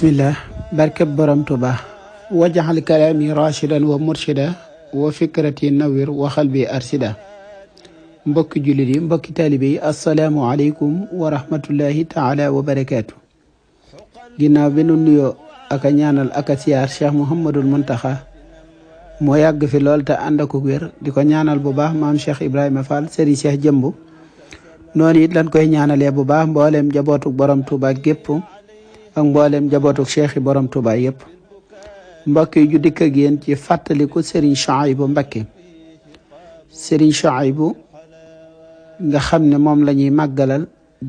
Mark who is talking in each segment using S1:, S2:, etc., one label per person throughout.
S1: bismillah barkeb borom tuba wajaxal kalaami rachidan wa murshida wa fikrati nawir wa xalbi arsida mbokki jullit yi mbokki taalibe yi asalaamu aleykum taala wa barakaatu ginnaaw bi nu nuyoo ak a ñaanal ak a siyaar cheikh mouhamadul muntaxa moo yàgg fi lool te ànd ak wér di ko ñaanal bu baax maam cheikh ibrahima fall sëriñ cheikh jëmb noonu it lañ koy ñaanalee bu baax borom tuba gépp ak mboolem jabootuk cheikh yi borom Touba yëpp mbokk yi ju dikk ak yéen ci fàttaliku Serigne Souhaïbou Mbacké Serigne Souhaïbou nga xam ne moom lañuy ñuy màggalal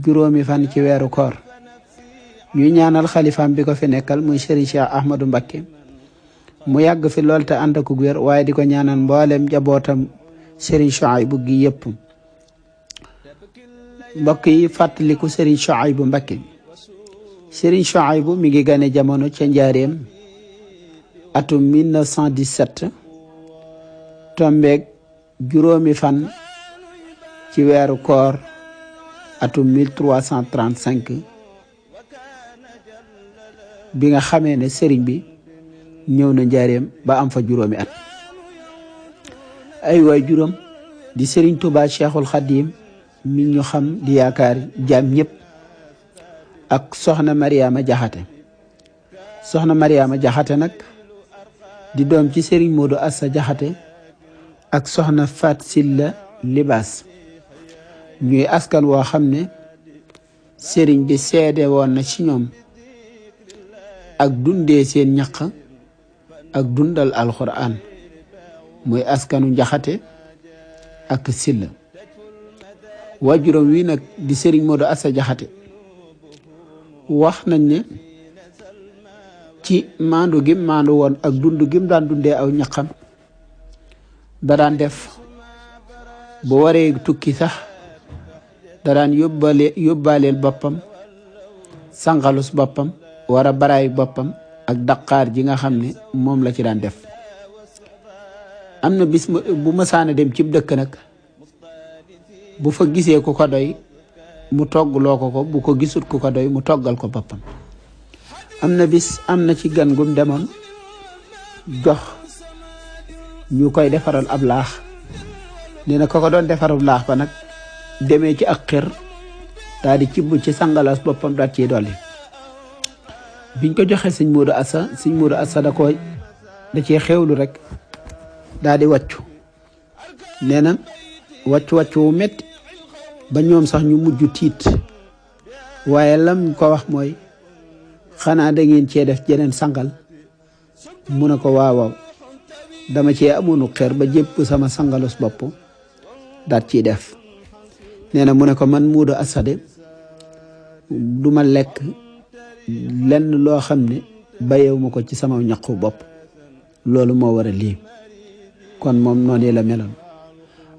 S1: juróomi fan ci weeru koor ñuy ñaanal xalifaam bi ko fi nekkal muy Serigne Cheikh Ahmadou Mbacké mu yàgg fi lool te ànd ak wér waaye di ko ñaanal mboolem jabootam Serigne Souhaïbou gi yëpp mbokk yi fàttaliku Serigne Souhaïbou Mbacké Serigne Souhaïbou mi ngi gane jamono ca njaareem atum 1917 tombeeg juróomi fan ci weeru koor atum 1335 bi nga xamee ne sëriñ bi ñëw na njaareem ba am fa juróomi at ay waay juróom di sëriñ Touba Cheikhul Khadim mi ñu xam di yaakaar jaam ñëpp ak soxna Mariama Jaxate soxna Mariama Jaxate nag di doom ci Serigne Modou Assa Jaxate ak soxna Fat Silla Libaas ñuy askan woo xam ne sëriñ bi seede woon na ci ñoom ak dundee seen ñaq ak dundal alxuraan muy askanu njaxate ak silla waajuram wi nag di sëriñ Modou Assa Jaxate wax nañ ne ci maandu gim maandu woon ak dund gim daan dundee aw ñaqam da daan def bu waree tukki sax da daan yóbbaale yóbbaaleel boppam sangalus boppam war a baraay boppam ak daqaar ji nga xam ne moom la ci daan def am na bis bu mësaana dem cib dëkk nag bu fa gisee ku ko doy mu togg loo ko ko bu ko gisut ko ko doy mu toggal ko boppam am na bis am na ci gan gum demoon jox ñu koy defaral ab laax nee na ko ko doon defaral laax ba nag demee ci ak xir daal di cibb ci sangalaas boppam daal ciy dolli biñ ko joxee sëñ Modou Assa sëñ Modou Assa da ko da cee xewlu rek daal di wàccu nee na wu métti ba ñoom sax ñu mujj tiit waaye lam ko wax mooy xanaa da ngeen cee def jeneen sangal mu ne ko waaw dama cee amoonu xeer ba sama sangalos bopp daat ci def nee na mu ne ko man muudu asade du ma lekk lenn loo xam ne bayewu ma ko ci sama ñaqu bopp loolu moo war a lii kon moom noonu la meloon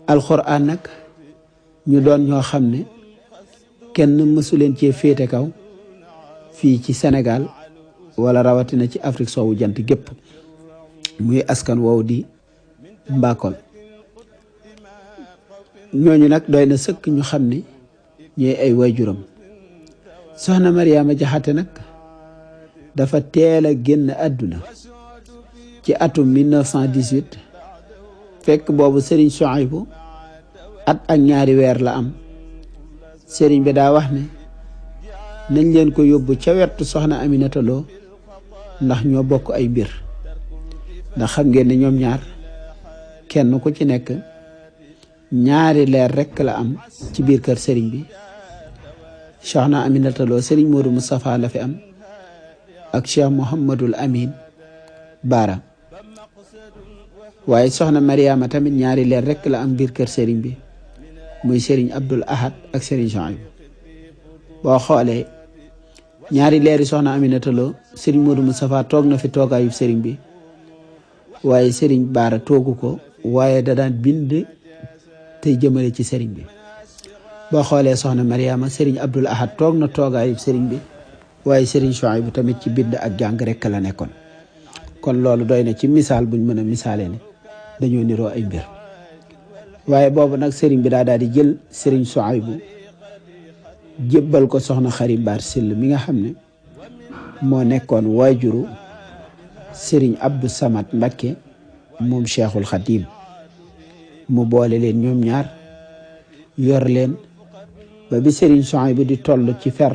S1: alxuraan nag ñu doon ñoo xam ne kenn mësuleen cee féete kaw fii ci senegal wala rawatina ci Afrique soowu jant gépp muy askan woowu di Mbakol ñooñu nag doy na sëkk ñu xam ne ñooy ay waajuram soxna Mariama Jaxate nag dafa teel a génn àdduna ci atum 1918 fekk boobu Serigne Souhaïbou at ak ñaari weer la am sëriñ bi daa wax ne nañ leen ko yóbbu ca wetu soxna Aminata Lo ndax ñoo bokk ay mbir ndax xam ngeen ne ñoom ñaar kenn ku ci nekk ñaari leer rekk la am ci biir kër sëriñ bi soxna Aminata Lo sëriñ Modou Moustapha la fi am ak Cheikh Mouhamadul Amin Baara waaye soxna Mariama tamit ñaari leer rekk la am biir kër sëriñ bi muy Serigne Abdul Ahad ak Serigne Chouaib boo xoolee ñaari leeri soxna Aminata Lo Serigne Modou Moustapha toog na fi toogaayu Serigne bi waaye sëriñ Baara toogu ko waaye da bind tey jëmale ci Serigne bi boo xoolee soxna Mariama Serigne Abdul Ahad toog na toogaayu Serigne bi waaye Serigne tamit ci bind ak jàng rek la nekkoon kon loolu doy na ci misaal buñ mën a misaalee ne dañoo niroo ay mbir. waaye boobu nag sëriñ bi daa daal di jël sëriñ Suhaybu jébbal ko soxna Xari Mbaar mi nga xam ne moo nekkoon waajuru sëriñ Abdou Samad Mbakke moom Cheikhul Khadim mu boole leen ñoom ñaar yor leen ba bi sëriñ Suhaybu di toll ci fer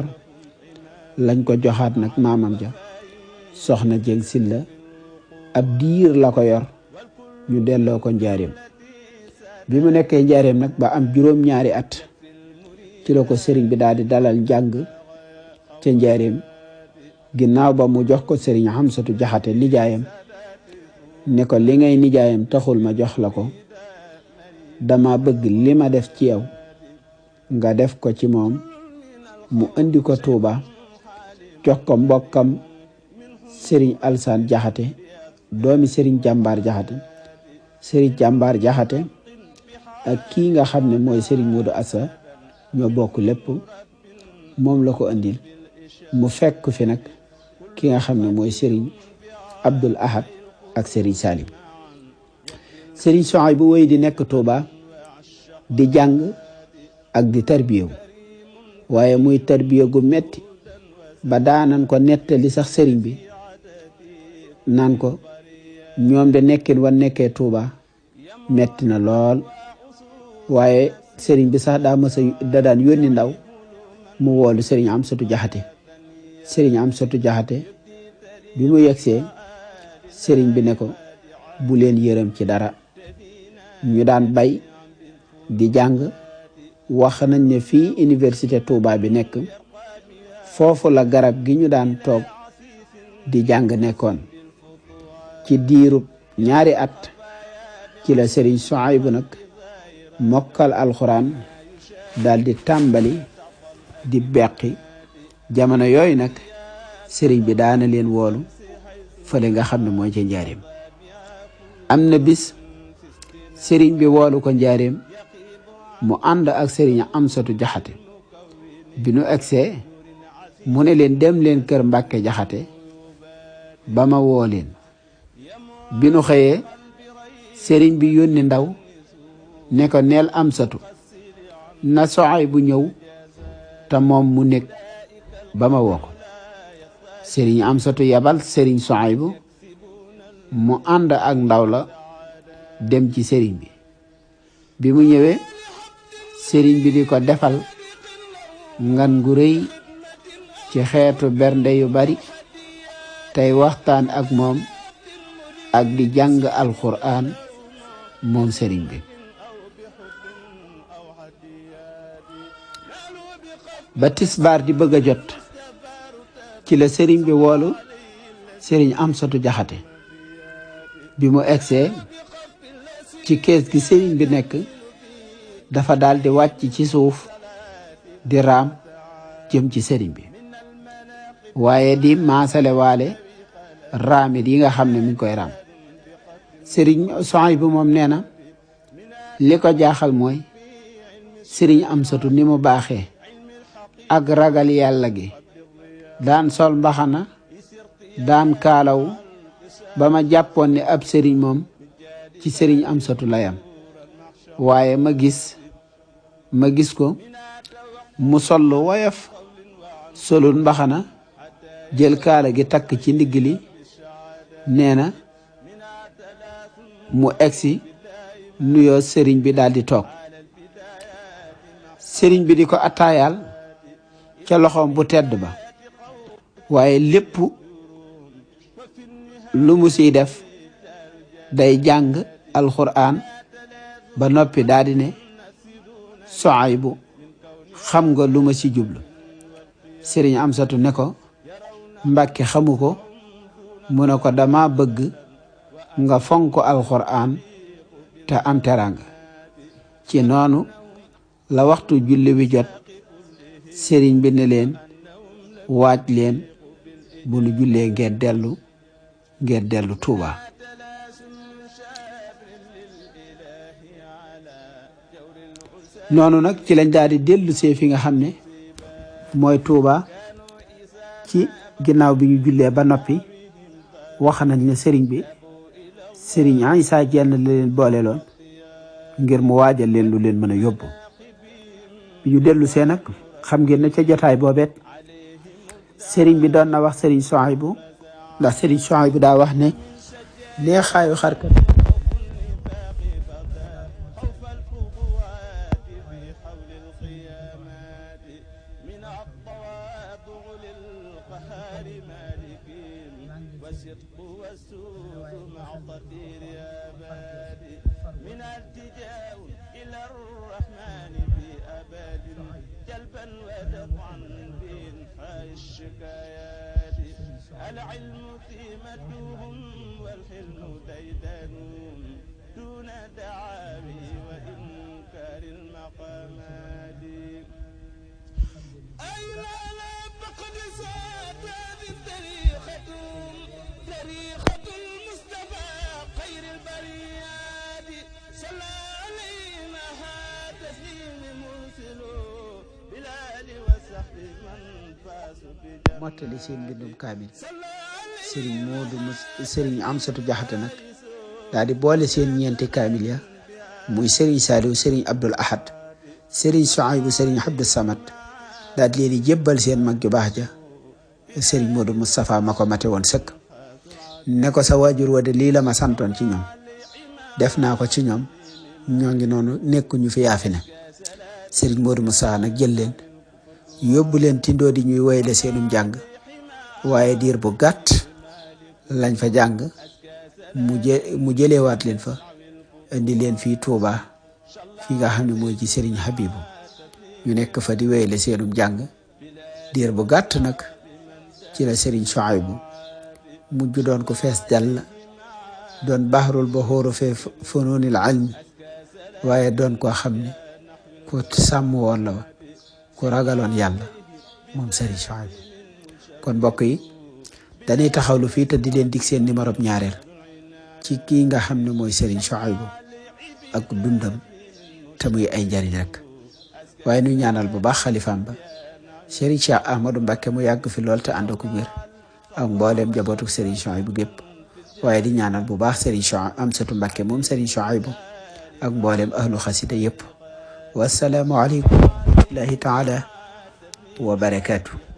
S1: lañ ko joxaat nag maamam ja soxna Jeng Silla ab diir la ko yor ñu delloo ko njaarim bi mu nekkee njaareem nag ba am juróom-ñaari at ci la ko sëriñ bi daal di dalal njàng ca njaareem ginnaaw ba mu jox ko sëriñ Xamsatu Jaxate nijaayam ne ko li ngay nijaayam taxul ma jox la ko dama bëgg li ma def ci yow nga def ko ci moom mu indi ko Tuuba jox ko mbokkam sëriñ Alsaan Jaxate doomi sëriñ Jàmbaar Jaxate sëriñ Jàmbaar Jaxate ak kii nga xam ne mooy Serigne Modou Assa ñoo bokk lépp moom la ko andil mu fekk fi nag ki nga xam ne mooy sëriñ Abdoul Ahad ak Serigne Salim sëriñ Sohay bu wéy di nekk tuuba di jàng ak di tarbiyewu waaye muy tarbiye gu metti ba daanan ko nettali sax sëriñ bi naan ko ñoom de nekkin wan nekkee tuuba metti na lool waaye sëriñ bi sax daa mës da daan yónni ndaw mu woolu sëriñ am satu jaxate sëriñ am satu jaxate bi mu yegsee sëriñ bi ne bu leen yërëm ci dara ñu daan bay di jàng wax nañ ne fii université Touba bi nekk foofu la garab gi ñu daan toog di jàng nekkoon ci diirub ñaari at ci la sëriñ bu nag mokkal alxuraan daal di tàmbali di beqi jamono yooyu nag sëriñ bi daana leen woolu fële nga xam ne mooy ca njaareem bis sëriñ bi woolu ko njaareem mu ànd ak sëriñ Amsatu Jaxate bi nu egsee mu ne leen dem leen kër Mbàkke Jaxate ba ma woo leen bi bi yónni ndaw ne ko neel am satu na soxay bu ñëw te moom mu nekk ba ma woo am satu yabal sëriñ soxay bu mu ànd ak ndaw la dem ci sëriñ bi bi mu ñëwee sëriñ bi di ko defal ngan gu rëy ci xeetu bernde yu bari tey waxtaan ak moom ak di jàng alquran moom sëriñ bi ba tisbaar di bëgg a jot ci la sëriñ bi woolu sëriñ Amsatu Jaxate bi mu egsee ci kees gi sëriñ bi nekk dafa daal di wàcc ci suuf di raam jëm ci sëriñ bi waaye di maasale waale raamit yi nga xam ne mi ngi koy raam sëriñ soxay bi moom nee na li ko jaaxal mooy sëriñ am satu ni mu baaxe ak ragal yàlla gi daan sol mbaxana daan kaalawu ba ma jàppoon ni ab sëriñ moom ci sëriñ am satu layam waaye ma gis ma gis ko mu sol lu woyof solul mbaxana jël kaala gi takk ci ndigg li nee na mu egsi nuyoo sëriñ bi daal di toog sëriñ bi di ko attaayaal ca loxoom bu tedd ba waaye lépp lu mu siy def day jàng alxuraan ba noppi daal di ne bu xam nga lu ma si jublu sëriñ Amsatu ne ko Mbàkke xamu ko mu ne ko dama bëgg nga fonk alxuraan te am ci noonu la waxtu julli wi jot sëriñ bi leen waaj leen bu nu jullee ngeen dellu ngeen dellu Tuuba noonu nag ci lañ daal di dellu see fi nga xam ne mooy Tuuba ci ginnaaw bi ñu jullee ba noppi wax nañ ne sëriñ bi sëriñ Isaa jenn la leen boole loon ngir mu waajal leen lu leen mën a yóbbu ñu dellu see nag xam ngeen ne ca jotaay boobet sëriñ bi doon na wax sëriñ bu ndax sëriñ Suhaybu daa wax ne neexaayu xarkat بإنحاء الشكايات العلم قيمتهم والحلم ديدنهم دون دعاوي وإنكار المقامات أين لا تقدسان mottali seen mbindum kaamil sëriñ Moodu sëriñ Amsatu Jaxate nag daal boole seen ñeenti kaamil ya muy sëriñ Saaliw sëriñ Abdul Ahad sëriñ Suaybu sëriñ Abdu Samad daal di leen seen mag ju baax ja sëriñ Moodu Moustapha ma ko mate woon sëkk ne ko sa waajur wa lii la ma santoon ci ñoom def naa ko ci ñoom ñoo ngi noonu nekkuñu fi yaafi ne sëriñ Moodu Moustapha nag yóbbu leen tindoo di ñuy woyle seenum jàng waaye diir bu gàtt lañ fa jàng mu jë mu jëlewaat leen fa indi leen fii Touba fi nga xam ne mooy ci Serigne ñu nekk fa di woyle seenum jàng diir bu gàtt nag ci la Serigne Souaïbou mujj doon ku fees dell doon baxarul ba xóoru fee almi waaye doon koo xam ne ko sàmm ku ragaloon yàlla moom Serigne Chouaib kon mbokk yi dañuy taxawlu fii te di leen dig seen numéro ñaareel ci kii nga xam ne mooy Serigne Chouaib ak bundam te muy ay njariñ rek waaye nu ñaanal bu baax xalifaam ba Serigne Cheikh Ahmadou mu yàgg fi lool te ànd ak wér ak mboolem jabootu gépp waaye di ñaanal bu baax Serigne Chouaib Amsatou Mbacké moom Serigne Chouaib ak mboolem ahlu xasida yëpp wasalaamu aleykum الله تعالى وبركاته